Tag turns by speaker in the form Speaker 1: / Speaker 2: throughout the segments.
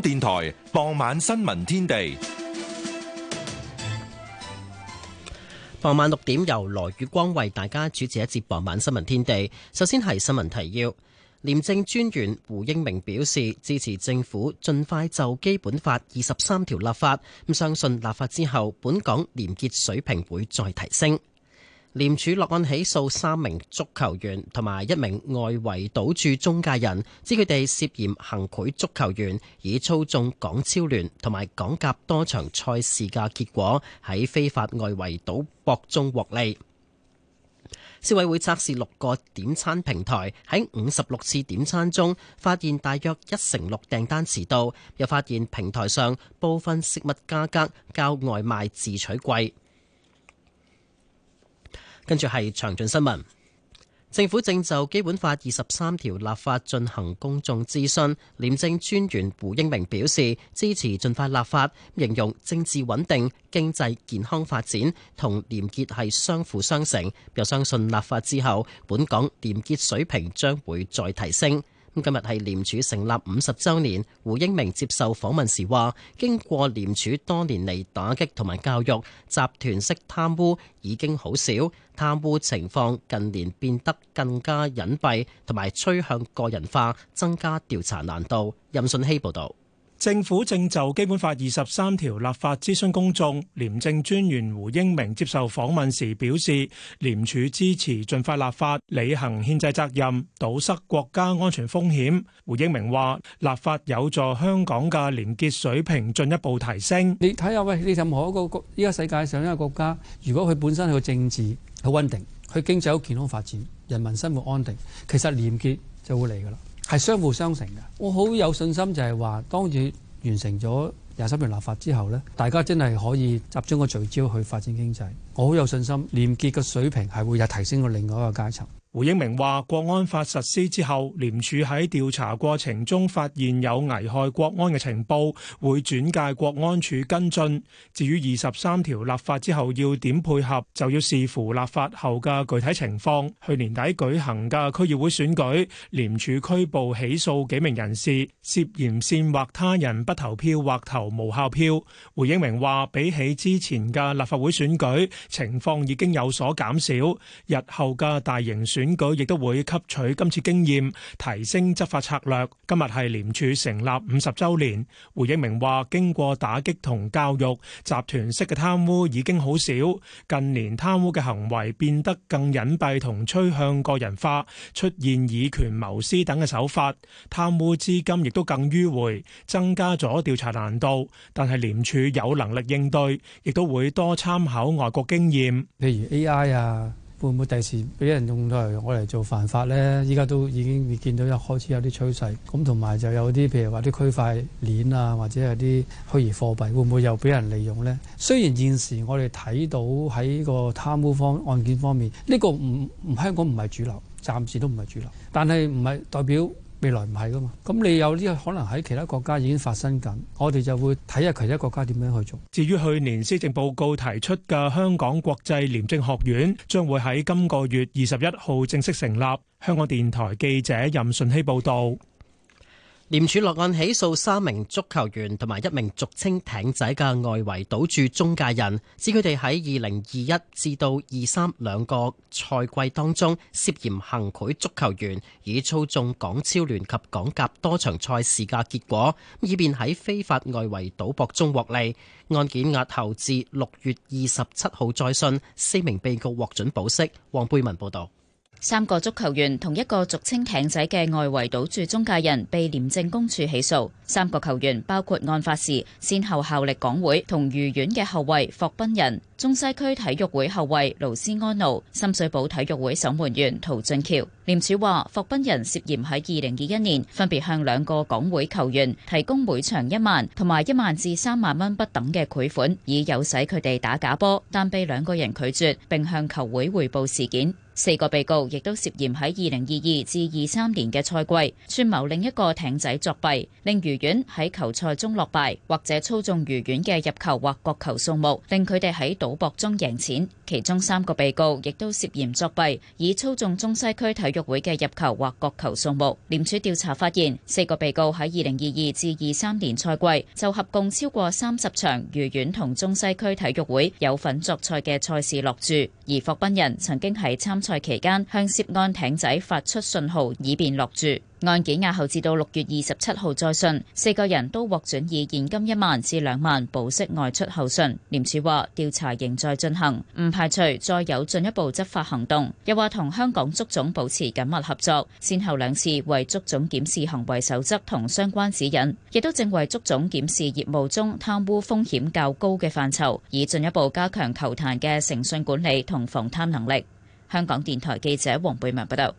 Speaker 1: 電台傍晚新聞天地，傍晚六點由羅宇光為大家主持一節傍晚新聞天地。首先係新聞提要，廉政專員胡英明表示支持政府盡快就基本法二十三條立法，咁相信立法之後，本港廉潔水平會再提升。廉署落案起訴三名足球員同埋一名外圍賭注中介人，指佢哋涉嫌行賄足球員，以操縱港超聯同埋港甲多場賽事嘅結果，喺非法外圍賭博中獲利。消委會測試六個點餐平台，喺五十六次點餐中，發現大約一成六訂單遲到，又發現平台上部分食物價格較外賣自取貴。跟住係詳盡新聞。政府正就基本法二十三條立法進行公眾諮詢。廉政專員胡英明表示支持盡快立法，形容政治穩定、經濟健康發展同廉潔係相輔相成，又相信立法之後，本港廉潔水平將會再提升。今日係廉署成立五十週年，胡英明接受訪問時話：經過廉署多年嚟打擊同埋教育，集團式貪污已經好少，貪污情況近年變得更加隱蔽同埋趨向個人化，增加調查難度。任信希報導。政府正就基本法二十三
Speaker 2: 條立法諮詢公眾，廉政專員胡英明接受訪問時表示，廉署支持盡快立法，履行憲制責任，堵塞國家安全風險。胡英明話：立法有助香港嘅廉潔水平進一步提升。你睇下，喂，你任何一個國，依家世界上一個國家，如果佢本身佢個政治好穩定，佢經濟好健康發展，人民生活安定，其實廉潔就會嚟噶啦。係相輔相成嘅，我好有信心就係話，當佢完成咗廿三條立法之後咧，大家真係可以集中個聚焦去發展經濟，我好有信心廉潔嘅水平係會有提升到另外一個階層。胡英明話，國安法實施之後，廉署喺調查過程中發現有危害國安嘅情報會轉介國安處跟進，至於二十三條立法之後要點配合，就要視乎立法後嘅具體情況。去年底舉行嘅區議會選舉，廉署拘捕起訴幾名人士涉嫌煽惑他人不投票或投無效票。胡英明話，比起之前嘅立法會選舉情況已經有所減少。日後嘅大型選。選舉亦都會吸取今次經驗，提升執法策略。今日係廉署成立五十周年，胡英明話：經過打擊同教育，集團式嘅貪污已經好少。近年貪污嘅行為變得更隱蔽同趨向個人化，出現以權謀私等嘅手法，貪污資金亦都更迂回，增加咗調查難度。但係廉署有能力應對，亦都會多參考外國經驗，譬如 AI 啊。會唔會第時俾人用嚟我嚟做犯法咧？依家都已經見到一開始有啲趨勢，咁同埋就有啲譬如話啲區塊鏈啊，或者有啲虛擬貨幣，會唔會又俾人利用咧？雖然現時我哋睇到喺個貪污方案件方面，呢個唔唔香港唔係主流，暫時都唔係主流，但係唔係代表。未來唔係噶嘛，咁你有呢個可能喺其他國家已經發生緊，我哋就會睇下其他國家點樣去做。至於去年施政報告提出嘅香港國際廉政學院將會喺今個月二十一號正式成立。香港電台記者任順希報道。
Speaker 1: 廉署落案起訴三名足球員同埋一名俗稱艇仔嘅外圍賭注中介人，指佢哋喺二零二一至到二三兩個賽季當中涉嫌行賄足球員，以操縱港超聯及港甲多場賽事嘅結果，以便喺非法外圍賭博中獲利。案件押後至六月二十七號再訊，四名被告獲准保釋。黃貝文報道。
Speaker 3: 三個足球員同一個俗稱艇仔嘅外圍賭注中介人被廉政公署起訴。三個球員包括案發時先後效力港會同愉園嘅後衛霍賓人、中西區體育會後衛盧斯安奴、深水埗體育會守門員陶俊橋。廉署話，霍賓人涉嫌喺二零二一年分別向兩個港會球員提供每場一萬同埋一萬至三萬蚊不等嘅賄款，以誘使佢哋打假波，但被兩個人拒絕，並向球會匯報事件。四個被告亦都涉嫌喺二零二二至二三年嘅賽季串謀另一個艇仔作弊，令愉園喺球賽中落敗，或者操縱愉園嘅入球或角球數目，令佢哋喺賭博中贏錢。其中三個被告亦都涉嫌作弊，以操縱中西區體育會嘅入球或角球數目。廉署調查發現，四個被告喺二零二二至二三年賽季就合共超過三十場愉園同中西區體育會有份作賽嘅賽事落注，而霍賓人曾經係參賽期間向涉案艇仔發出信號，以便落注。案件押後至到六月二十七號再訊。四個人都獲准以現金一萬至兩萬保釋外出候訊。廉署話調查仍在進行，唔排除再有進一步執法行動。又話同香港足總保持緊密合作，先後兩次為足總檢視行為守則同相關指引，亦都正為足總檢視業務中貪污風險較高嘅範疇，以進一步加強球壇嘅誠信管理同防貪能力。
Speaker 1: 香港電台記者黃貝文報道。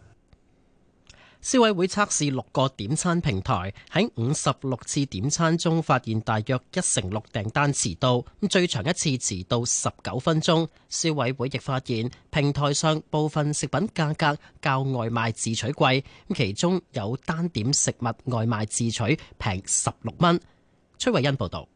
Speaker 1: 消委會測試六個點餐平台喺，五十六次點餐中，發現大約一成六訂單遲到，咁最長一次遲到十九分鐘。消委會亦發現平台上部分食品價格較外賣自取貴，咁其中有單點食物外賣自取平十六蚊。崔慧欣報道。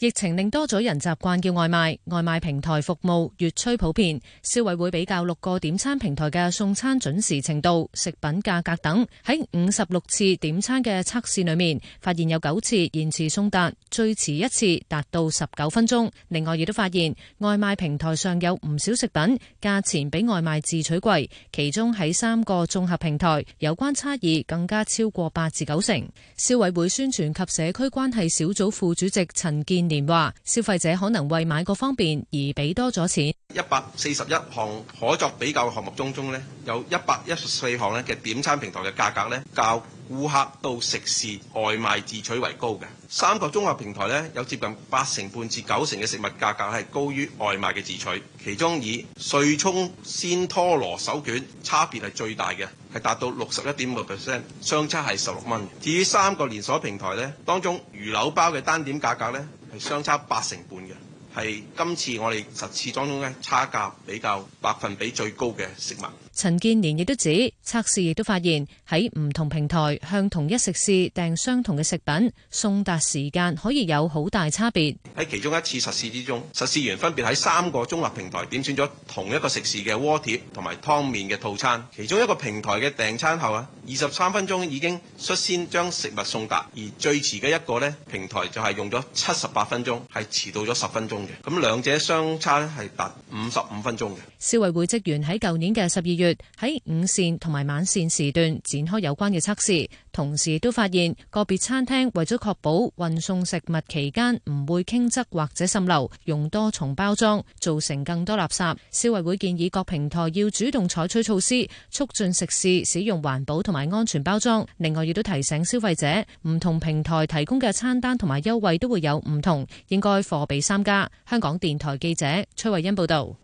Speaker 4: 疫情令多咗人習慣叫外賣，外賣平台服務越趨普遍。消委會比較六個點餐平台嘅送餐準時程度、食品價格等。喺五十六次點餐嘅測試裏面，發現有九次延遲送達，最遲一次達到十九分鐘。另外亦都發現，外賣平台上有唔少食品價錢比外賣自取貴，其中喺三個綜合平台有關差異更加超過八至九成。消委會宣傳及社區關係小組副主席陳健。年話消費者可能為買個方便而俾多咗錢。
Speaker 5: 一百四十一項可作比較項目中，中，中呢有一百一十四項呢嘅點餐平台嘅價格呢，較顧客到食肆外賣自取為高嘅三個綜合平台呢，有接近八成半至九成嘅食物價格係高於外賣嘅自取。其中以瑞充鮮拖羅手卷差別係最大嘅，係達到六十一點六 percent，相差係十六蚊。至於三個連鎖平台呢當中魚柳包嘅單點價格呢，相差八成半嘅，係今次我哋十次當中咧差價比較百分比最高嘅
Speaker 4: 食物。陳建年亦都指測試亦都發現，喺唔同平台向同一食肆訂相同嘅食品，送達時間可以有好大差別。
Speaker 5: 喺其中一次實試之中，實試員分別喺三個綜合平台點選咗同一個食肆嘅鍋貼同埋湯麵嘅套餐。其中一個平台嘅訂餐後啊，二十三分鐘已經率先將食物送達，而最遲嘅一個呢，平台就係用咗七十八分鐘，係遲到咗十分鐘嘅。咁兩者相差咧係達五十五分鐘嘅。
Speaker 4: 消委會職員喺舊年嘅十二月，喺午膳同埋晚膳時段展開有關嘅測試，同時都發現個別餐廳為咗確保運送食物期間唔會傾側或者滲漏，用多重包裝造成更多垃圾。消委會建議各平台要主動採取措施，促進食肆使用環保同埋安全包裝。另外，亦都提醒消費者，唔同平台提供嘅餐單同埋優惠都會有唔同，應該貨比三家。香港電台記者崔慧欣報道。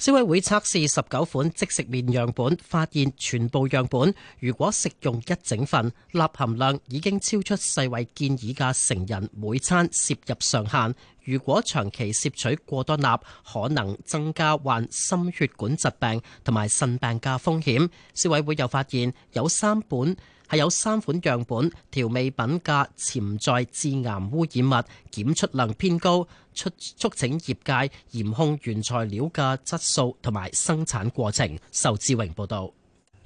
Speaker 4: 消委會測試十
Speaker 1: 九款即食麵樣本，發現全部樣本如果食用一整份，鈉含量已經超出世衛建議嘅成人每餐攝入上限。如果長期攝取過多鈉，可能增加患心血管疾病同埋腎病嘅風險。消委會又發現有三本。係有三款樣本調味品嘅潛在致癌污染物檢出量偏高，出促，促請業界嚴控原材料嘅質素同埋生產過程。仇志榮報道。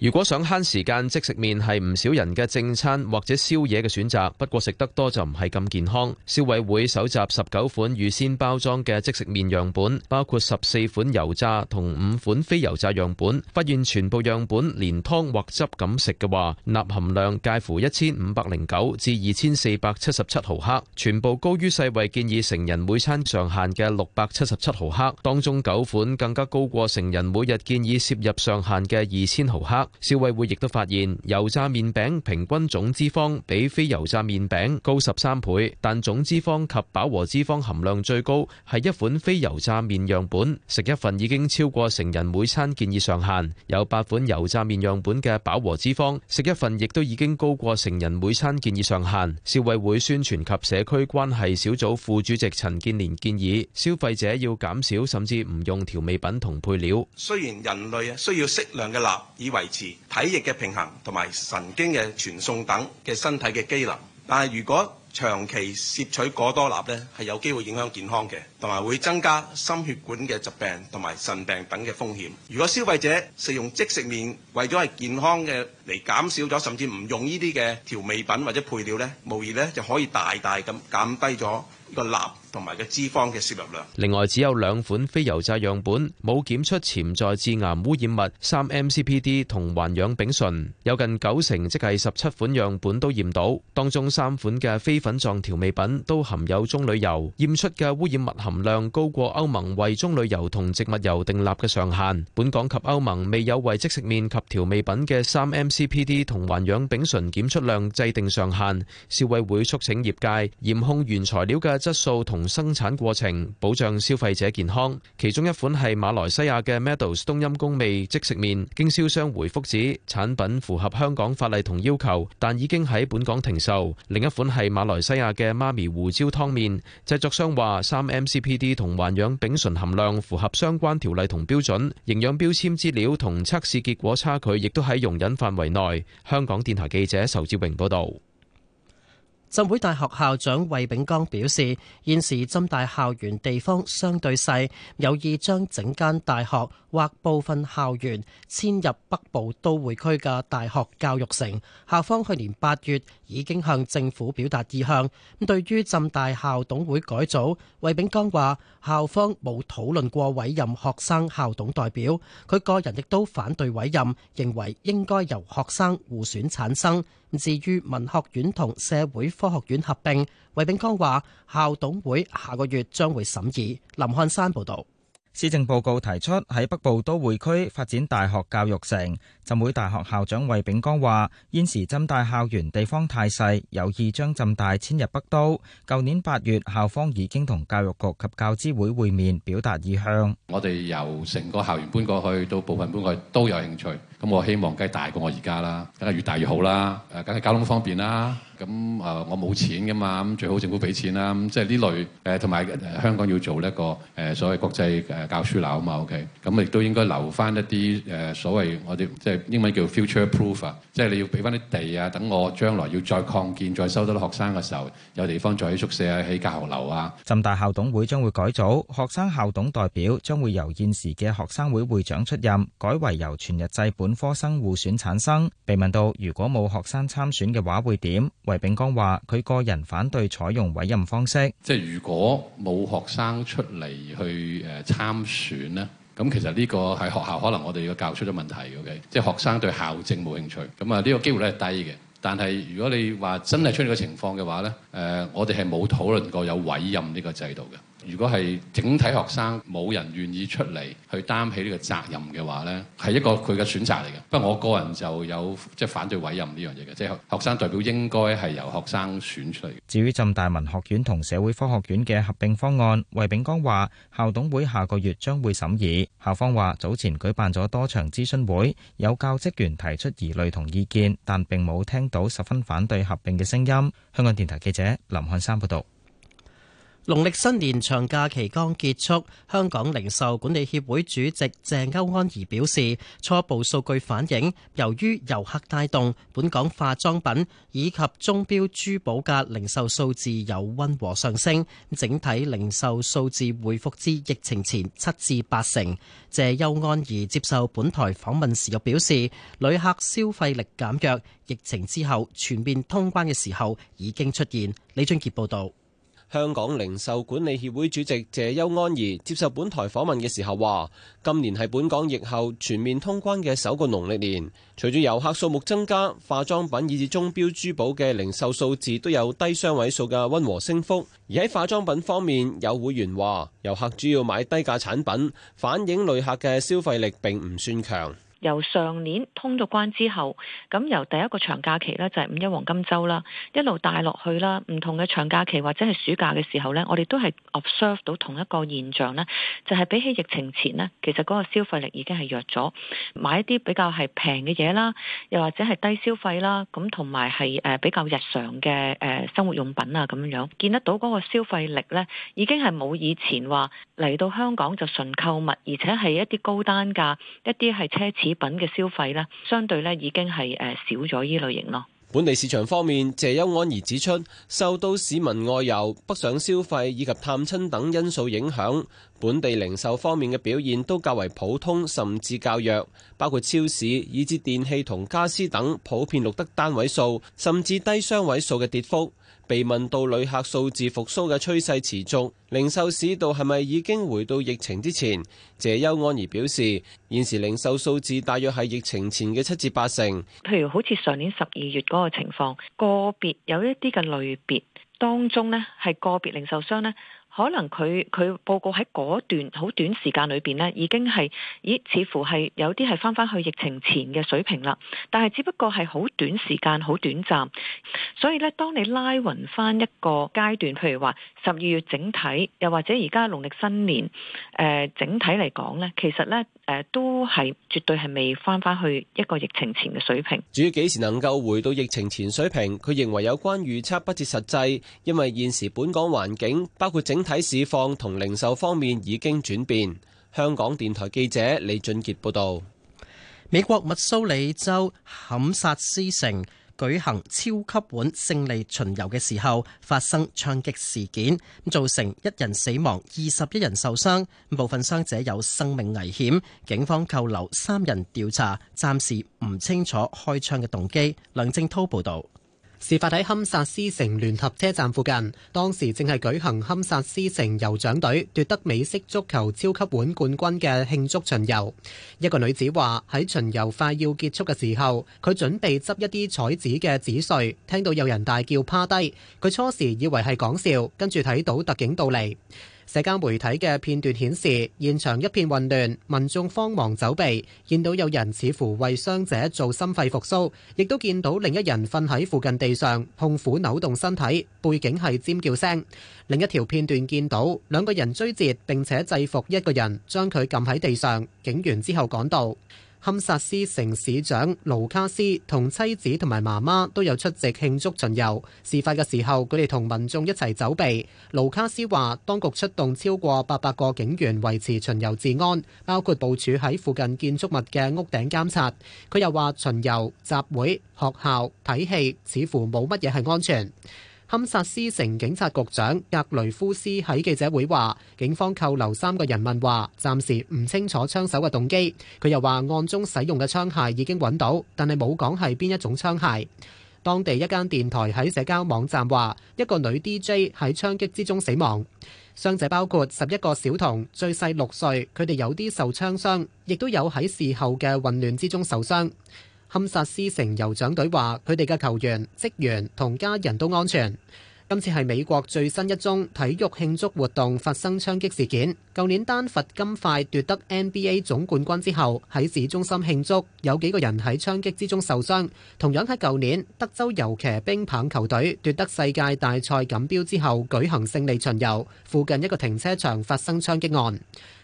Speaker 6: 如果想慳時間，即食麵係唔少人嘅正餐或者宵夜嘅選擇。不過食得多就唔係咁健康。消委會搜集十九款預先包裝嘅即食麵樣本，包括十四款油炸同五款非油炸樣本，發現全部樣本連湯或汁噉食嘅話，鈉含量介乎一千五百零九至二千四百七十七毫克，全部高於世衛建議成人每餐上限嘅六百七十七毫克，當中九款更加高過成人每日建議攝入上限嘅二千毫克。消委會亦都發現，油炸麵餅平均總脂肪比非油炸麵餅高十三倍，但總脂肪及飽和脂肪含量最高係一款非油炸麵樣本，食一份已經超過成人每餐建議上限。有八款油炸麵樣本嘅飽和脂肪，食一份亦都已經高過成人每餐建議上限。消委會宣傳及社區關係小組副主席陳建年建議，消費者要減少甚至唔用調味品同配料。
Speaker 5: 雖然人類需要適量嘅鈉以維持。體液嘅平衡同埋神經嘅傳送等嘅身體嘅機能，但係如果長期攝取過多鈉咧，係有機會影響健康嘅，同埋會增加心血管嘅疾病同埋腎病等嘅風險。如果消費者食用即食麵，為咗係健康嘅。嚟減少咗，甚至唔用呢啲嘅調味品或者配料呢，無疑呢就可以大大咁減低咗個鈉同埋個脂肪嘅攝入量。
Speaker 6: 另外只有兩款非油炸樣本冇檢出潛在致癌污染物三 MCPD 同環氧丙醇，有近九成即係十七款樣本都驗到，當中三款嘅非粉狀調味品都含有棕櫚油，驗出嘅污染物含量高過歐盟為棕櫚油同植物油定立嘅上限。本港及歐盟未有為即食麵及調味品嘅三 M C.P.D 同環氧丙醇檢出量制定上限，消委會促請業界嚴控原材料嘅質素同生產過程，保障消費者健康。其中一款係馬來西亞嘅 Medos 冬陰功味即食麵，經銷商回覆指產品符合香港法例同要求，但已經喺本港停售。另一款係馬來西亞嘅媽咪胡椒湯麵，製作商話三 M.C.P.D 同環氧丙醇含量符合相關條例同標準，營養標籤資料同測試結果差距亦都喺容忍範圍。內，香港電台記者仇志榮報
Speaker 1: 道。浸會大學校長衛炳江表示，現時浸大校園地方相對細，有意將整間大學或部分校園遷入北部都會區嘅大學教育城。校方去年八月已經向政府表達意向。咁對於浸大校董會改組，衛炳江話校方冇討論過委任學生校董代表，佢個人亦都反對委任，認為應該由學生互選產生。至於文學院同社會科學院合併，衞炳江話校董會下個月將會審議。林漢山報導。施政報告提出喺北部都會區發
Speaker 7: 展大學教育城，浸會大學校長衞炳江話，現時浸大校園地方太細，有意將浸大遷入北都。舊年八月，校方已經同教育局及教資會會面，表達意向。
Speaker 8: 我哋由成個校園搬過去，到部分搬過去都有興趣。咁我希望梗係大過我而家啦，梗係越大越好啦，誒梗係交通方便啦。咁誒我冇錢噶嘛，咁最好政府俾錢啦。咁即係呢類誒同埋香港要做一個誒所謂國際誒教書樓啊嘛，OK。咁亦都應該留翻一啲誒所謂我哋即係英文叫 future proof 啊，即係你要俾翻啲地啊，等我將來要再擴建，再收多啲學生嘅時候，有地方再起宿舍啊、起教學樓啊。
Speaker 7: 浸大校董會將會改組，學生校董代表將會由現時嘅學生會會長出任，改為由全日制本科生互選產生，被問到如果冇學生參選嘅話會點？韋炳江話佢個人反對採用委任方式，
Speaker 8: 即係如果冇學生出嚟去誒參選咧，咁其實呢個係學校可能我哋要教出咗問題嘅，即係學生對校政冇興趣，咁啊呢個機會咧係低嘅。但係如果你話真係出現呢個情況嘅話咧，誒、呃、我哋係冇討論過有委任呢個制度嘅。如果係整體學生冇人願意出嚟去擔起呢個責任嘅話呢，係一個佢嘅選擇嚟嘅。不過，我個人就有即係反對委任呢樣嘢嘅，即係學生代表應該係由學生選出嚟。
Speaker 7: 至於浸大文學院同社會科學院嘅合併方案，衛炳江話校董會下個月將會審議。校方話早前舉辦咗多場諮詢會，有教職員提出疑慮同意見，但並冇聽到十分反對合併嘅聲音。香港電台記者林漢山報道。
Speaker 1: 農曆新年長假期剛結束，香港零售管理協會主席謝邱安怡表示，初步數據反映，由於遊客帶動，本港化妝品以及鐘錶珠寶嘅零售數字有温和上升，整體零售數字回復至疫情前七至八成。謝邱安怡接受本台訪問時又表示，旅客消費力減弱，疫情之後全面通關嘅時候已經出現。李俊杰報道。
Speaker 9: 香港零售管理協會主席謝邱安儀接受本台訪問嘅時候話，今年係本港疫後全面通關嘅首個農曆年，隨住遊客數目增加，化妝品以至鐘錶珠寶嘅零售數字都有低雙位數嘅温和升幅。而喺化妝品方面，有會員話，遊客主要買低價產品，反映旅客嘅消費力並唔算
Speaker 10: 強。
Speaker 11: 由上年通咗關之後，咁由第一個長假期咧就係五一黃金周啦，一路帶落去啦，唔同嘅長假期或者係暑假嘅時候咧，我哋都係 observe 到同一個現象咧，就係比起疫情前咧，其實嗰個消費力已經係弱咗，買一啲比較係平嘅嘢啦，又或者係低消費啦，咁同埋係誒比較日常嘅誒生活用品啊咁樣見得到嗰個消費力咧已經係冇以前話嚟到香港就純購物，而且係一啲高單價、一啲係奢侈。品嘅消費呢，相對呢已經係誒少咗呢類型咯。
Speaker 9: 本地市場方面，謝優安兒指出，受到市民外遊、北上消費以及探親等因素影響，本地零售方面嘅表現都較為普通，甚至較弱，包括超市以至電器同家私等，普遍錄得單位數甚至低雙位數嘅跌幅。被問到旅客數字復甦嘅趨勢持續，零售市道係咪已經回到疫情之前？謝邱安儀表示，現時零售數字大約係疫情前嘅七至八成。
Speaker 11: 譬如好似上年十二月嗰個情況，個別有一啲嘅類別當中呢係個別零售商呢。可能佢佢報告喺嗰段好短時間裏邊咧，已經係咦？似乎係有啲係翻返去疫情前嘅水平啦。但係只不過係好短時間好短暫，所以咧，當你拉匀翻一個階段，譬如話十二月整體又或者而家農曆新年，誒、呃、整體嚟講咧，其實咧誒都係絕對係未翻翻去一個疫情前嘅水平。
Speaker 9: 至於幾時能夠回到疫情前水平，佢認為有關預測不切實際，因為現時本港環境包括整。整體市況同零售方面已經轉變。香港電台記者李俊杰報道，
Speaker 1: 美國密蘇里州坎薩斯城舉行超級碗勝利巡遊嘅時候，發生槍擊事件，造成一人死亡，二十一人受傷，部分傷者有生命危險。警方扣留三人
Speaker 12: 調查，暫時唔清楚開槍嘅動機。梁正濤報道。事發喺堪薩斯城聯合車站附近，當時正係舉行堪薩斯城酋長隊奪得美式足球超級碗冠軍嘅慶祝巡遊。一個女子話喺巡遊快要結束嘅時候，佢準備執一啲彩紙嘅紙碎，聽到有人大叫趴低，佢初時以為係講笑，跟住睇到特警到嚟。社交媒體嘅片段顯示，現場一片混亂，民眾慌忙走避，見到有人似乎為傷者做心肺復甦，亦都見到另一人瞓喺附近地上，痛苦扭動身體，背景係尖叫聲。另一條片段見到兩個人追截，並且制服一個人，將佢撳喺地上。警員之後趕到。堪薩斯城市長盧卡斯同妻子同埋媽媽都有出席慶祝巡遊。事發嘅時候，佢哋同民眾一齊走避。盧卡斯話：當局出動超過八百個警員維持巡遊治安，包括部署喺附近建築物嘅屋頂監察。佢又話：巡遊、集會、學校睇戲，似乎冇乜嘢係安全。堪薩斯城警察局長格雷夫斯喺記者會話：警方扣留三個人問話，暫時唔清楚槍手嘅動機。佢又話：案中使用嘅槍械已經揾到，但係冇講係邊一種槍械。當地一間電台喺社交網站話：一個女 DJ 喺槍擊之中死亡。傷者包括十一個小童，最細六歲，佢哋有啲受槍傷，亦都有喺事後嘅混亂之中受傷。堪薩斯城酋長隊話：佢哋嘅球員、職員同家人都安全。今次係美國最新一宗體育慶祝活動發生槍擊事件。舊年丹佛金塊奪得 NBA 總冠軍之後，喺市中心慶祝，有幾個人喺槍擊之中受傷。同樣喺舊年，德州遊騎兵棒球隊奪得世界大賽錦標之後舉行勝利巡遊，附近一個停車場發生槍擊案。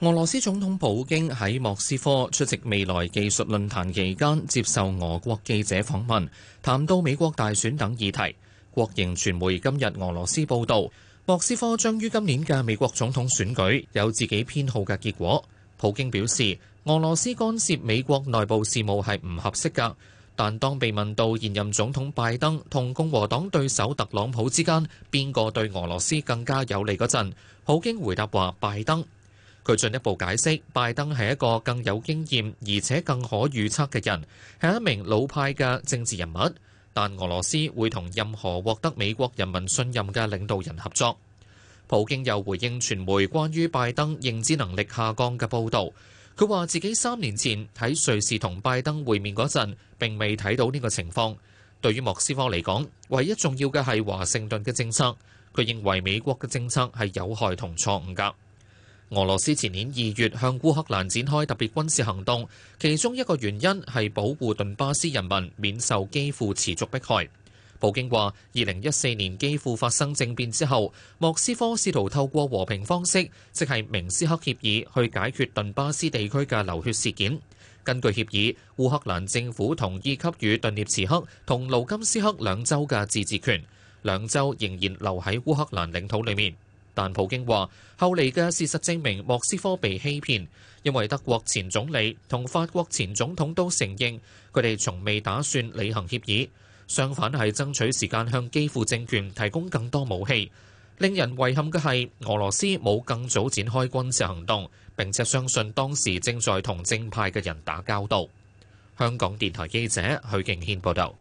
Speaker 1: 俄羅斯總統
Speaker 13: 普京喺莫斯科出席未來技術論壇期間，接受俄國記者訪問，談到美國大選等議題。國營傳媒今日俄羅斯報道，莫斯科將於今年嘅美國總統選舉有自己偏好嘅結果。普京表示，俄羅斯干涉美國內部事務係唔合適噶。但當被問到現任總統拜登同共和黨對手特朗普之間邊個對俄羅斯更加有利嗰陣，普京回答話：拜登。佢進一步解釋，拜登係一個更有經驗而且更可預測嘅人，係一名老派嘅政治人物。但俄羅斯會同任何獲得美國人民信任嘅領導人合作。普京又回應傳媒關於拜登認知能力下降嘅報導，佢話自己三年前喺瑞士同拜登會面嗰陣，並未睇到呢個情況。對於莫斯科嚟講，唯一重要嘅係華盛頓嘅政策。佢認為美國嘅政策係有害同錯誤㗎。俄羅斯前年二月向烏克蘭展開特別軍事行動，其中一個原因係保護頓巴斯人民免受基輔持續迫害。普京話，二零一四年基輔發生政變之後，莫斯科試圖透過和平方式，即係明斯克協議，去解決頓巴斯地區嘅流血事件。根據協議，烏克蘭政府同意給予頓涅茨克同盧甘斯克兩州嘅自治權，兩州仍然留喺烏克蘭領土裡面。但普京話：後嚟嘅事實證明莫斯科被欺騙，因為德國前總理同法國前總統都承認佢哋從未打算履行協議，相反係爭取時間向基輔政權提供更多武器。令人遺憾嘅係，俄羅斯冇更早展開軍事行動，並且相信當時正在同正派嘅人打交道。香港電台記者許敬軒報
Speaker 1: 道。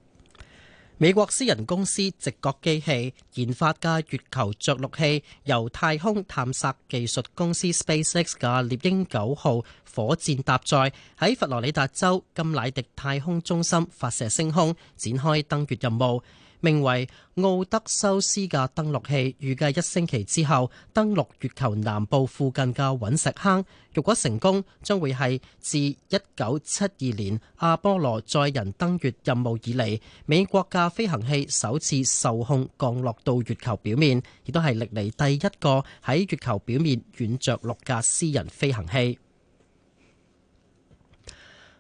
Speaker 1: 美國私人公司直覺機器研發嘅月球着陸器，由太空探索技術公司 SpaceX 嘅獵鷹九號火箭搭載，喺佛羅里達州金乃迪太空中心發射升空，展開登月任務。名為奧德修斯嘅登陸器預計一星期之後登陸月球南部附近嘅隕石坑。如果成功，將會係自一九七二年阿波羅載人登月任務以嚟，美國嘅飛行器首次受控降落到月球表面，亦都係歷嚟第一個喺月球表面軟着陸嘅私人飛行器。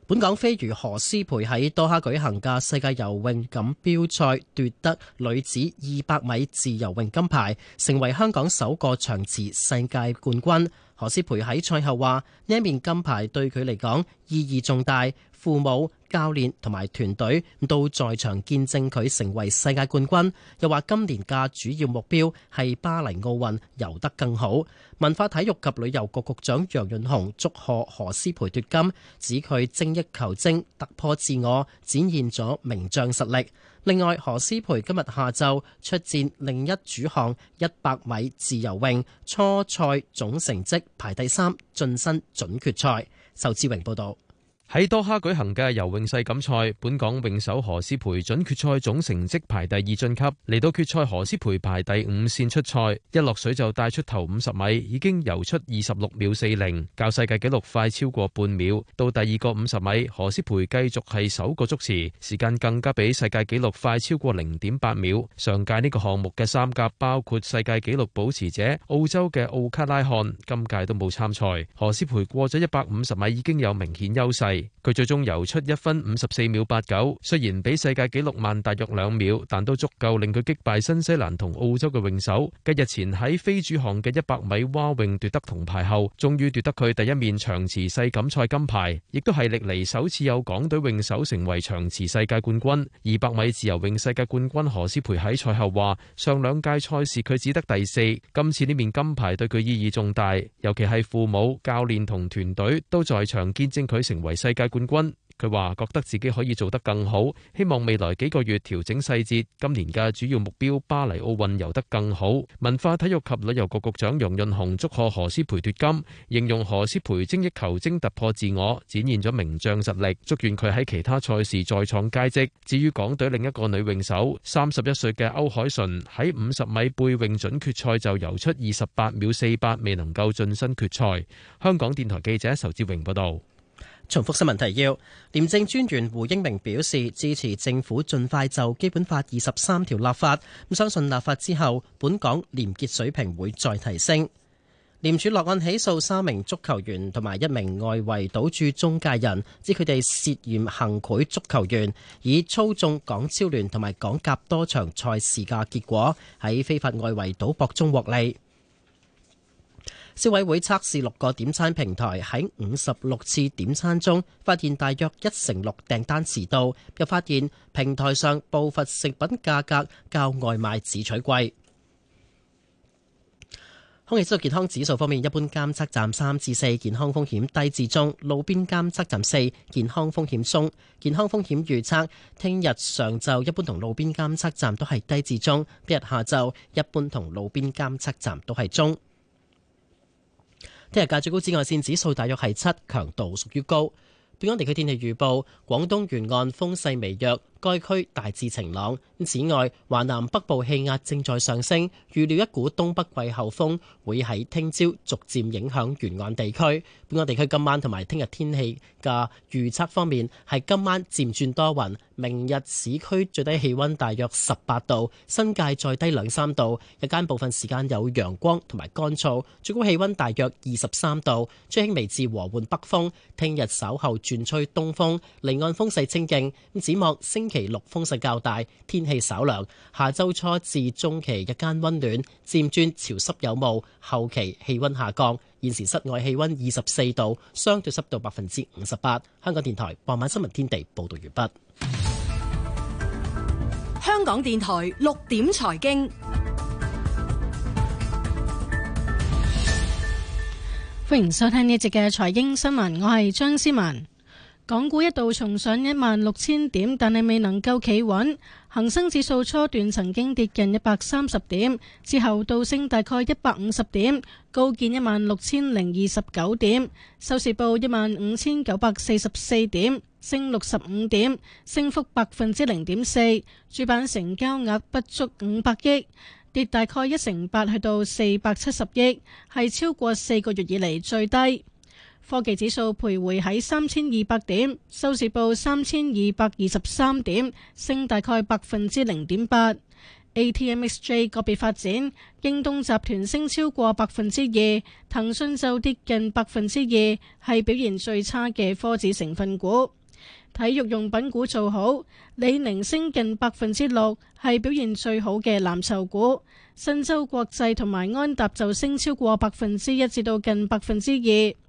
Speaker 1: 本港飛魚何詩培喺多哈舉行嘅世界游泳錦標賽奪得女子二百米自由泳金牌，成為香港首個長池世界冠軍。何詩培喺賽後話：呢一面金牌對佢嚟講意義重大。父母、教練同埋團隊到在場見證佢成為世界冠軍，又話今年嘅主要目標係巴黎奧運游得更好。文化體育及旅遊局局長楊潤雄祝賀何詩蓓奪金，指佢精益求精，突破自我，展現咗名將實力。另外，何詩蓓今日下晝出戰另一主項一百米自由泳，初賽總成績排第三，晉身準決賽。仇志榮報道。
Speaker 6: 喺多哈舉行嘅游泳世錦賽，本港泳手何詩蓓準決賽總成績排第二晉級。嚟到決賽，何詩蓓排第五線出賽，一落水就帶出頭五十米，已經游出二十六秒四零，較世界紀錄快超過半秒。到第二個五十米，何詩蓓繼續係首個觸池，時間更加比世界紀錄快超過零點八秒。上屆呢個項目嘅三甲包括世界紀錄保持者澳洲嘅奧卡拉漢，今屆都冇參賽。何詩蓓過咗一百五十米已經有明顯優勢。佢最終游出一分五十四秒八九，雖然比世界紀錄慢大約兩秒，但都足夠令佢擊敗新西蘭同澳洲嘅泳手。繼日前喺非主項嘅一百米蛙泳奪得銅牌後，終於奪得佢第一面長池世錦賽金牌，亦都係歷嚟首次有港隊泳手成為長池世界冠軍。二百米自由泳世界冠軍何詩蓓喺賽後話：上兩屆賽事佢只得第四，今次呢面金牌對佢意義重大，尤其係父母、教練同團隊都在場見證佢成為世世界冠軍，佢話覺得自己可以做得更好，希望未來幾個月調整細節。今年嘅主要目標，巴黎奧運游得更好。文化體育及旅遊局局長楊潤雄祝賀何詩蓓奪金，形容何詩蓓精益求精，突破自我，展現咗名將實力，祝願佢喺其他賽事再創佳績。至於港隊另一個女泳手三十一歲嘅歐海純，喺五十米背泳準決賽就游出二十八秒四八，未能夠晉身決賽。香港電台記者仇志
Speaker 1: 榮報道。重複新聞提要：廉政專員胡英明表示支持政府盡快就《基本法》二十三條立法，咁相信立法之後，本港廉潔水平會再提升。廉署落案起訴三名足球員同埋一名外圍賭注中介人，指佢哋涉嫌行賄足球員，以操縱港超聯同埋港甲多場賽事嘅結果，喺非法外圍賭博中獲利。消委會測試六個點餐平台喺五十六次點餐中，發現大約一成六訂單遲到。又發現平台上部分食品價格較外賣自取貴。空氣質素健康指數方面，一般監測站三至四，健康風險低至中；路邊監測站四，健康風險中。健康風險預測聽日上晝一般同路邊監測站都係低至中，聽日下晝一般同路邊監測站都係中。聽日嘅最高紫外線指數大約係七，強度屬於高。本港地區天氣預報：廣東沿岸風勢微弱。該區大致晴朗。此外，華南北部氣壓正在上升，預料一股東北季候風會喺聽朝逐漸影響沿岸地區。本港地區今晚同埋聽日天氣嘅預測方面，係今晚漸轉多雲，明日市區最低氣溫大約十八度，新界再低兩三度，日間部分時間有陽光同埋乾燥，最高氣溫大約二十三度，吹輕微至和緩北風。聽日稍後轉吹東風，離岸風勢清勁。展望星。星期六風勢較大，天氣稍涼。下周初至中期日間溫暖，漸轉潮濕有霧。後期氣溫下降。現時室外氣溫二十四度，相對濕度百分之五十八。香港電台傍晚新聞天地報道完畢。
Speaker 14: 香港電台六點財經，
Speaker 10: 歡迎收聽呢一節嘅財經新聞，我係張思文。港股一度重上一萬六千點，但係未能夠企穩。恒生指數初段曾經跌近一百三十點，之後倒升大概一百五十點，高見一萬六千零二十九點。收市報一萬五千九百四十四點，升六十五點，升幅百分之零點四。主板成交額不足五百億，跌大概一成八，去到四百七十億，係超過四個月以嚟最低。科技指數徘徊喺三千二百點，收市報三千二百二十三點，升大概百分之零點八。A T M X J 個別發展，京東集團升超過百分之二，騰訊就跌近百分之二，係表現最差嘅科指成分股。體育用品股做好，李寧升近百分之六，係表現最好嘅藍籌股。新洲國際同埋安踏就升超過百分之一至到近百分之二。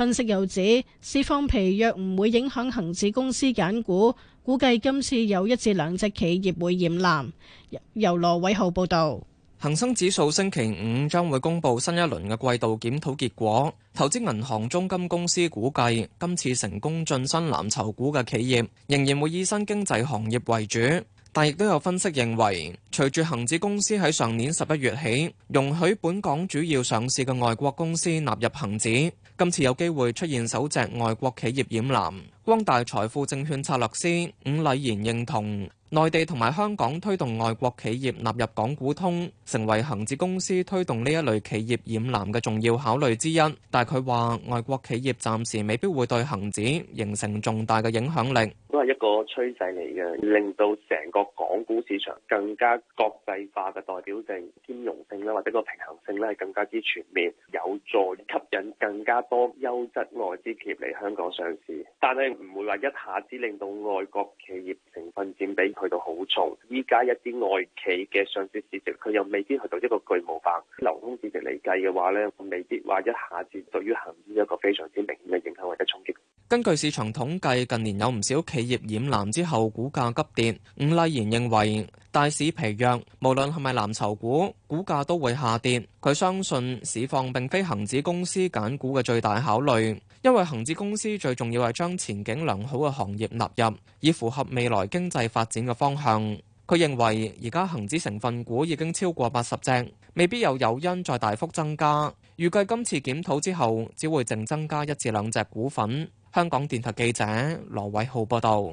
Speaker 10: 分析又指，市況疲弱唔會影響恒指公司揀股，估計今次有一至兩隻企業會染藍。由羅偉浩報道，
Speaker 15: 恒生指數星期五將會公布新一輪嘅季度檢討結果。投資銀行中金公司估計，今次成功晉身藍籌股嘅企業仍然會以新經濟行業為主，但亦都有分析認為，隨住恒指公司喺上年十一月起容許本港主要上市嘅外國公司納入恒指。今次有機會出現首隻外國企業染藍。光大財富證券策略師伍禮賢認同，內地同埋香港推動外國企業納入港股通，成為恒指公司推動呢一類企業染藍嘅重要考慮之一。但係佢話外國企業暫時未必會對恒指形成重大嘅影響力，
Speaker 2: 都係一個趨勢嚟嘅，令到成個港股市場更加國際化嘅代表性、兼容性啦，或者個平衡性咧，係更加之全面，有助吸引更加多優質外資企業嚟香港上市。但係，唔會話一下子令到外國企業成分佔比去到好重，依家一啲外企嘅上市市值，佢又未必去到一個巨無霸流通市值嚟計嘅話咧，未必話一下子對於恆指一個非常之明顯嘅影響或者衝擊。
Speaker 15: 根據市場統計，近年有唔少企業染藍之後，股價急跌。伍麗賢認為，大市疲弱，無論係咪藍籌股，股價都會下跌。佢相信市況並非恆指公司揀股嘅最大考慮。因為恒指公司最重要係將前景良好嘅行業納入，以符合未來經濟發展嘅方向。佢認為而家恒指成分股已經超過八十隻，未必有誘因再大幅增加。預計今次檢討之後，只會淨增加一至兩隻股份。香港電台記者羅偉浩報道。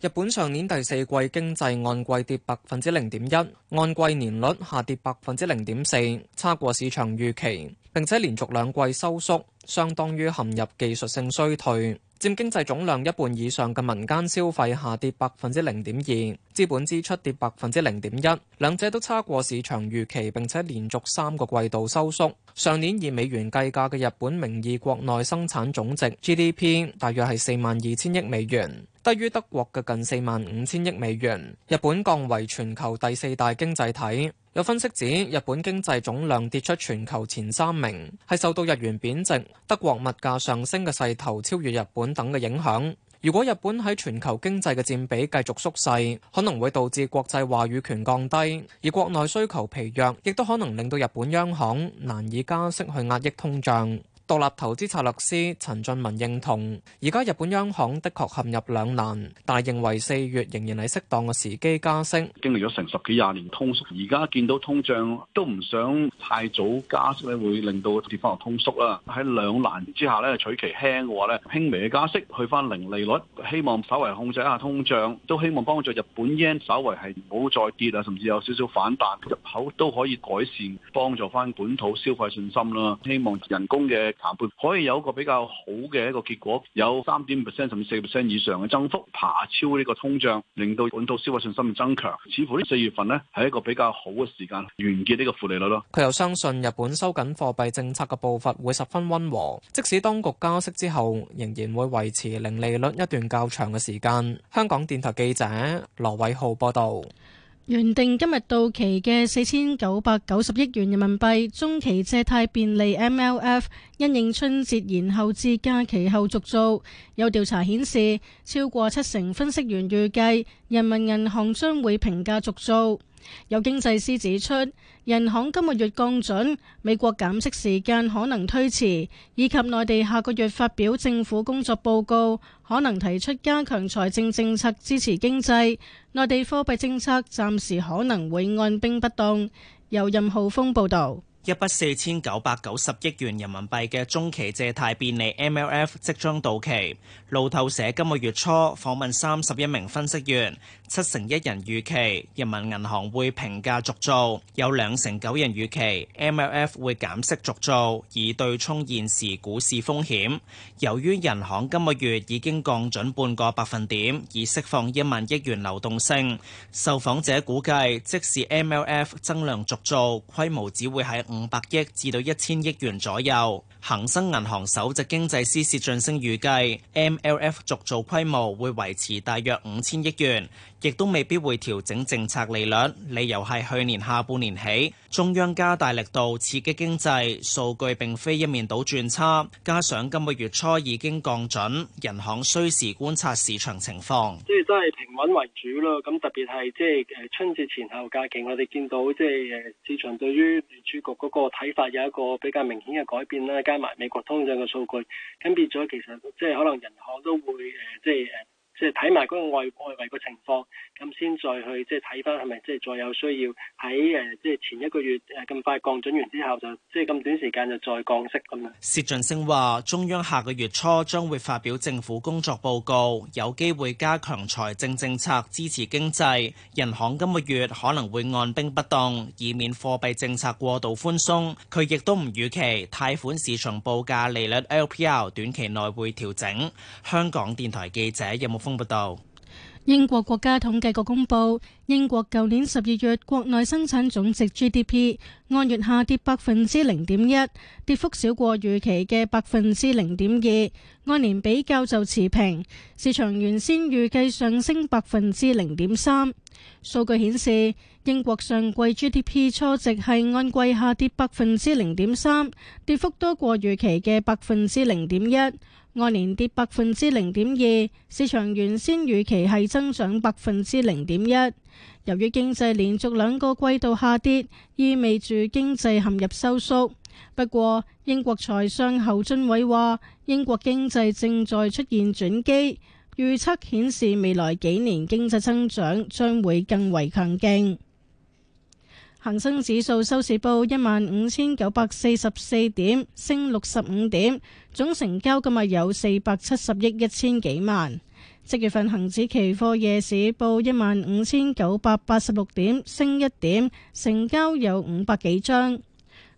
Speaker 15: 日本上年第四季經濟按季跌百分之零點一，按季年率下跌百分之零點四，差過市場預期，並且連續兩季收縮，相當於陷入技術性衰退。佔經濟總量一半以上嘅民間消費下跌百分之零點二，資本支出跌百分之零點一，兩者都差過市場預期，並且連續三個季度收縮。上年以美元計價嘅日本名義國內生產總值 GDP 大約係四萬二千億美元，低於德國嘅近四萬五千億美元，日本降為全球第四大經濟體。有分析指，日本經濟總量跌出全球前三名，係受到日元貶值、德國物價上升嘅勢頭超越日本等嘅影響。如果日本喺全球經濟嘅佔比繼續縮細，可能會導致國際話語權降低，而國內需求疲弱，亦都可能令到日本央行難以加息去壓抑通脹。獨立投資策略師陳俊文認同，而家日本央行的確陷入兩難，但係認為四月仍然係適當嘅時機加息。
Speaker 5: 經歷咗成十幾廿年通縮，而家見到通脹都唔想太早加息咧，會令到跌翻落通縮啦。喺兩難之下咧，取其輕嘅話咧，輕微嘅加息去翻零利率，希望稍為控制一下通脹，都希望幫助日本 yen 稍為係唔好再跌啊，甚至有少少反彈入口都可以改善，幫助翻本土消費信心啦。希望人工嘅可以有一個比較好嘅一個結果，有三點五 percent 甚至四 percent 以上嘅增幅，爬超呢個通脹，令到本土消費信心嘅增強，似乎呢四月份呢係一個比較好嘅時間，完結呢個負利率咯。
Speaker 15: 佢又相信日本收緊貨幣政策嘅步伐會十分溫和，即使當局加息之後，仍然會維持零利率一段較長嘅時間。香港電台記者羅偉浩報道。
Speaker 10: 原定今日到期嘅四千九百九十億元人民幣中期借貸便利 （MLF） 因應春節延後至假期後續做。有調查顯示，超過七成分析員預計，人民銀行將會平價續做。有經濟師指出，人行今個月降準，美國減息時間可能推遲，以及內地下個月發表政府工作報告，可能提出加強財政政策支持經濟，內地貨幣政策暫時可能會按兵不動。由任浩峰報導。
Speaker 16: 一筆四千九百九十億元人民幣嘅中期借貸便利 MLF 即將到期。路透社今個月初訪問三十一名分析員，七成一人預期人民銀行會平價續做；有兩成九人預期 MLF 會減息續做，以對沖現時股市風險。由於人行今個月已經降準半個百分點，以釋放一萬億元流動性，受訪者估計，即使 MLF 增量續做，規模只會喺五百億至到一千億元左右，恒生銀行首席經濟師薛俊升預計 MLF 續造規模會維持大約五千億元。亦都未必會調整政策利率，理由係去年下半年起中央加大力度刺激經濟，數據並非一面倒轉差，加上今個月初已經降準，人行需時觀察市場情況，
Speaker 9: 即係都係平穩為主咯。咁特別係即係誒春節前後假期，我哋見到即係誒市場對於聯儲局嗰個睇法有一個比較明顯嘅改變啦，加埋美國通脹嘅數據，咁變咗其實即係可能
Speaker 2: 人行都會誒即
Speaker 9: 係誒。呃呃呃即係睇埋嗰個外外圍個情況，咁先再去即係睇翻係咪即係再有需要喺誒即係前一個月誒咁快降準完之後就即係咁短時間就再降息咁樣。
Speaker 16: 薛俊升話中央下個月初將會發表政府工作報告，有機會加強財政政策支持經濟，人行今個月可能會按兵不動，以免貨幣政策過度寬鬆，佢亦都唔預期貸款市場報價利率 LPR 短期內會調整。香港電台記者有冇。報道：
Speaker 10: 英國國家統計局公布，英國舊年十二月國內生產總值 GDP 按月下跌百分之零點一，跌幅少過預期嘅百分之零點二，按年比較就持平。市場原先預計上升百分之零點三。數據顯示，英國上季 GDP 初值係按季下跌百分之零點三，跌幅多過預期嘅百分之零點一。按年跌百分之零點二，市場原先預期係增長百分之零點一。由於經濟連續兩個季度下跌，意味住經濟陷入收縮。不過，英國財相侯俊偉話，英國經濟正在出現轉機，預測顯示未來幾年經濟增長將會更為強勁。恒生指數收市報一萬五千九百四十四點，升六十五點，總成交今日有四百七十億一千幾萬。即月份恒指期貨夜市報一萬五千九百八十六點，升一點，成交有五百幾張。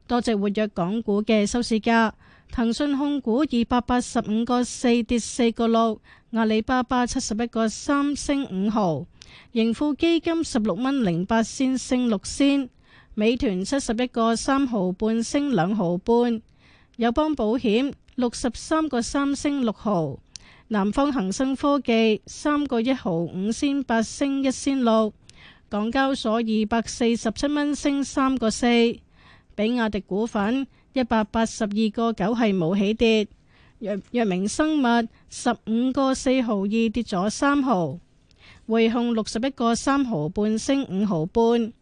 Speaker 10: 多隻活躍港股嘅收市價，騰訊控股二百八十五個四跌四個六，阿里巴巴七十一個三升五毫，盈富基金十六蚊零八先升六仙。美團七十一個三毫半升兩毫半，友邦保險六十三個三升六毫，南方恒生科技三個一毫五仙八升一仙六，港交所二百四十七蚊升三個四，比亞迪股份一百八十二個九係冇起跌，藥藥明生物十五個四毫二跌咗三毫，匯控六十一個三毫半升五毫半。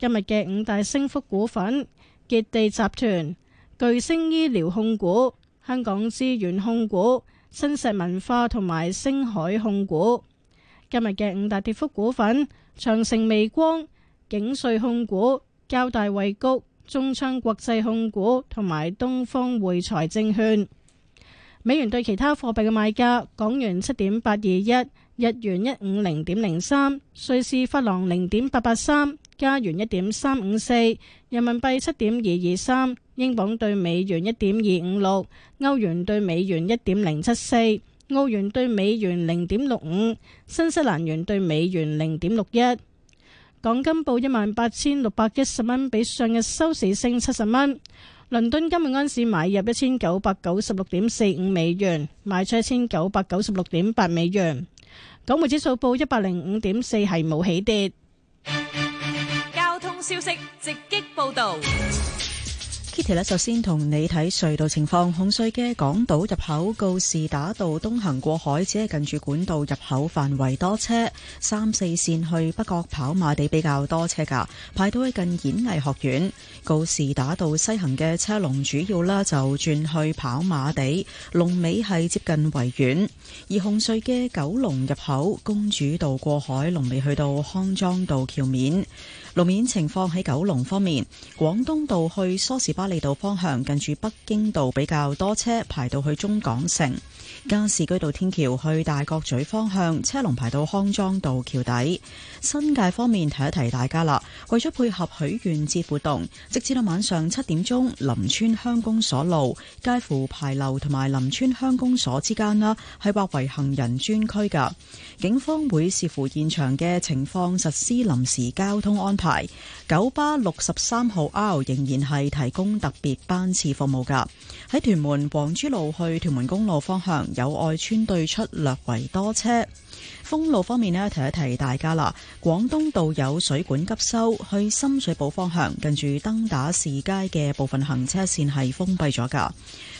Speaker 10: 今日嘅五大升幅股份：傑地集團、巨星醫療控股、香港資源控股、新石文化同埋星海控股。今日嘅五大跌幅股份：長城微光、景瑞控股、交大惠谷、中昌國際控股同埋東方匯財證券。美元對其他貨幣嘅賣價：港元七點八二一，日元一五零點零三，瑞士法郎零點八八三。加元一點三五四，人民幣七點二二三，英鎊兌美元一點二五六，歐元兌美元一點零七四，澳元兌美元零點六五，新西蘭元兌美元零點六一。港金報一萬八千六百一十蚊，比上日收市升七十蚊。倫敦今日安市買入一千九百九十六點四五美元，賣出一千九百九十六點八美元。港匯指數報一百零五點四，係冇起跌。
Speaker 4: 消息直擊報道
Speaker 14: ，Kitty 呢，首先同你睇隧道情況。紅隧嘅港島入口告士打道東行過海，只係近住管道入口範圍多車。三四線去北角跑馬地比較多車㗎，排到去近演藝學院告士打道西行嘅車龍主要呢就轉去跑馬地，龍尾係接近維園。而紅隧嘅九龍入口公主道過海龍尾去到康莊道橋面。路面情況喺九龍方面，廣東道去梳士巴利道方向近住北京道比較多車排到去中港城，加士居道天橋去大角咀方向車龍排到康莊道橋底。新界方面提一提大家啦，為咗配合許願節活動，直至到晚上七點鐘，林村鄉公所路介乎牌樓同埋林村鄉公所之間啦，係劃為行人專區嘅。警方會視乎現場嘅情況實施臨時交通安排。九巴六十三號 R 仍然係提供特別班次服務噶。喺屯門黃珠路去屯門公路方向，有外村對出略為多車。封路方面呢，提一提大家啦。廣東道有水管急修，去深水埗方向，近住登打士街嘅部分行車綫係封閉咗噶。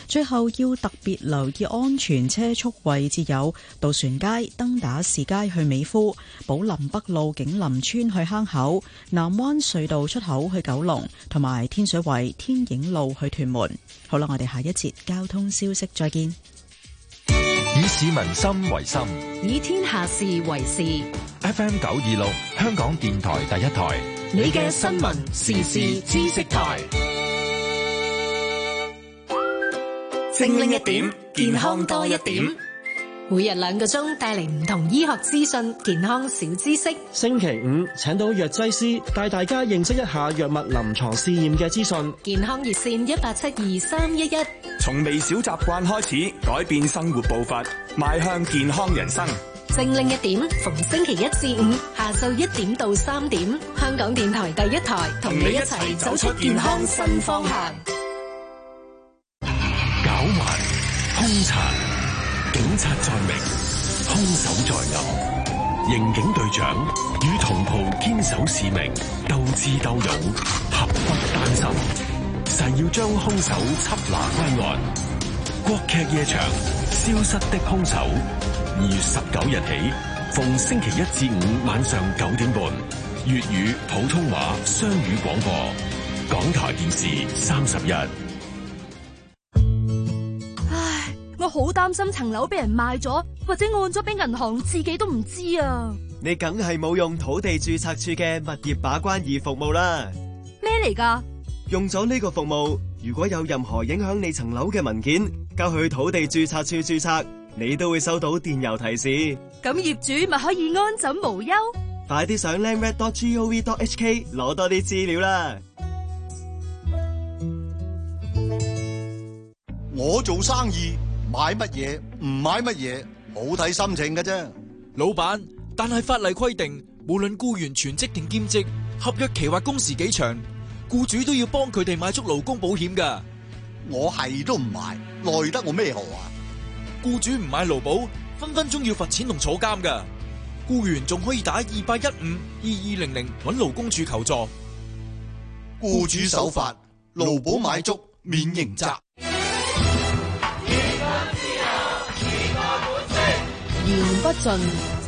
Speaker 14: 最後要特別留意安全車速位置有：渡船街、登打士街去美孚、寶林北路、景林村去坑口、南灣隧道出口去九龍，同埋天水圍天影路去屯門。好啦，我哋下一節交通消息再見。
Speaker 2: 以市民心為心，
Speaker 14: 以天下事
Speaker 4: 為事。
Speaker 2: FM 九二六，香港電台第一台，
Speaker 4: 你嘅新聞
Speaker 13: 時
Speaker 6: 事知識台，精
Speaker 9: 靈一點，健康多一點。
Speaker 4: 每日兩個鐘帶嚟唔同醫學資
Speaker 16: 訊、健康小知識。星期五請到藥劑師帶大家認識一下藥
Speaker 2: 物臨床試驗嘅資訊。
Speaker 4: 健康熱線一八七二三一一。
Speaker 2: 從微小習慣開始，改變生活步伐，邁向健康人生。
Speaker 4: 精靈一點，逢星期一至五下晝一點到三點，香港電台第一台同你一齊走出健康新方向。
Speaker 2: 九
Speaker 8: 萬
Speaker 10: 通
Speaker 2: 茶。警察在明，凶手在暗。刑警隊長與同袍堅守使命，鬥智鬥勇，俠骨丹心，誓要將凶手緝拿歸案。國劇夜場《消失的凶手》，二月十九日起，逢星期一至五晚上九點半，粵語、普通話雙語廣播，港台電視三十一。
Speaker 14: 好擔心層樓俾人賣咗，或者按咗俾銀行，自己都唔知啊！
Speaker 9: 你梗係冇用土地註冊處嘅物業把關易服務啦？咩嚟噶？用咗呢個服務，如果有任何影響你層樓嘅文件，交去土地註冊處註冊，你都會收到電郵提示。
Speaker 14: 咁業主咪可以安枕無憂。
Speaker 9: 快啲上 landreg.gov.hk 攞多啲資料啦！
Speaker 8: 我做
Speaker 2: 生意。買乜嘢，唔買乜嘢，好睇心情嘅啫。老闆，但係法例規定，無論僱員全職定兼職，合約期或工時幾長，僱主都要幫佢哋買足勞工保險嘅。我係都唔買，奈得我咩好啊？僱主唔買勞保，分分鐘要罰錢同坐監嘅。僱員仲可以打二八一五二二零零揾勞工處求助。僱主守法，勞保買足，免刑責。
Speaker 14: 言不盡。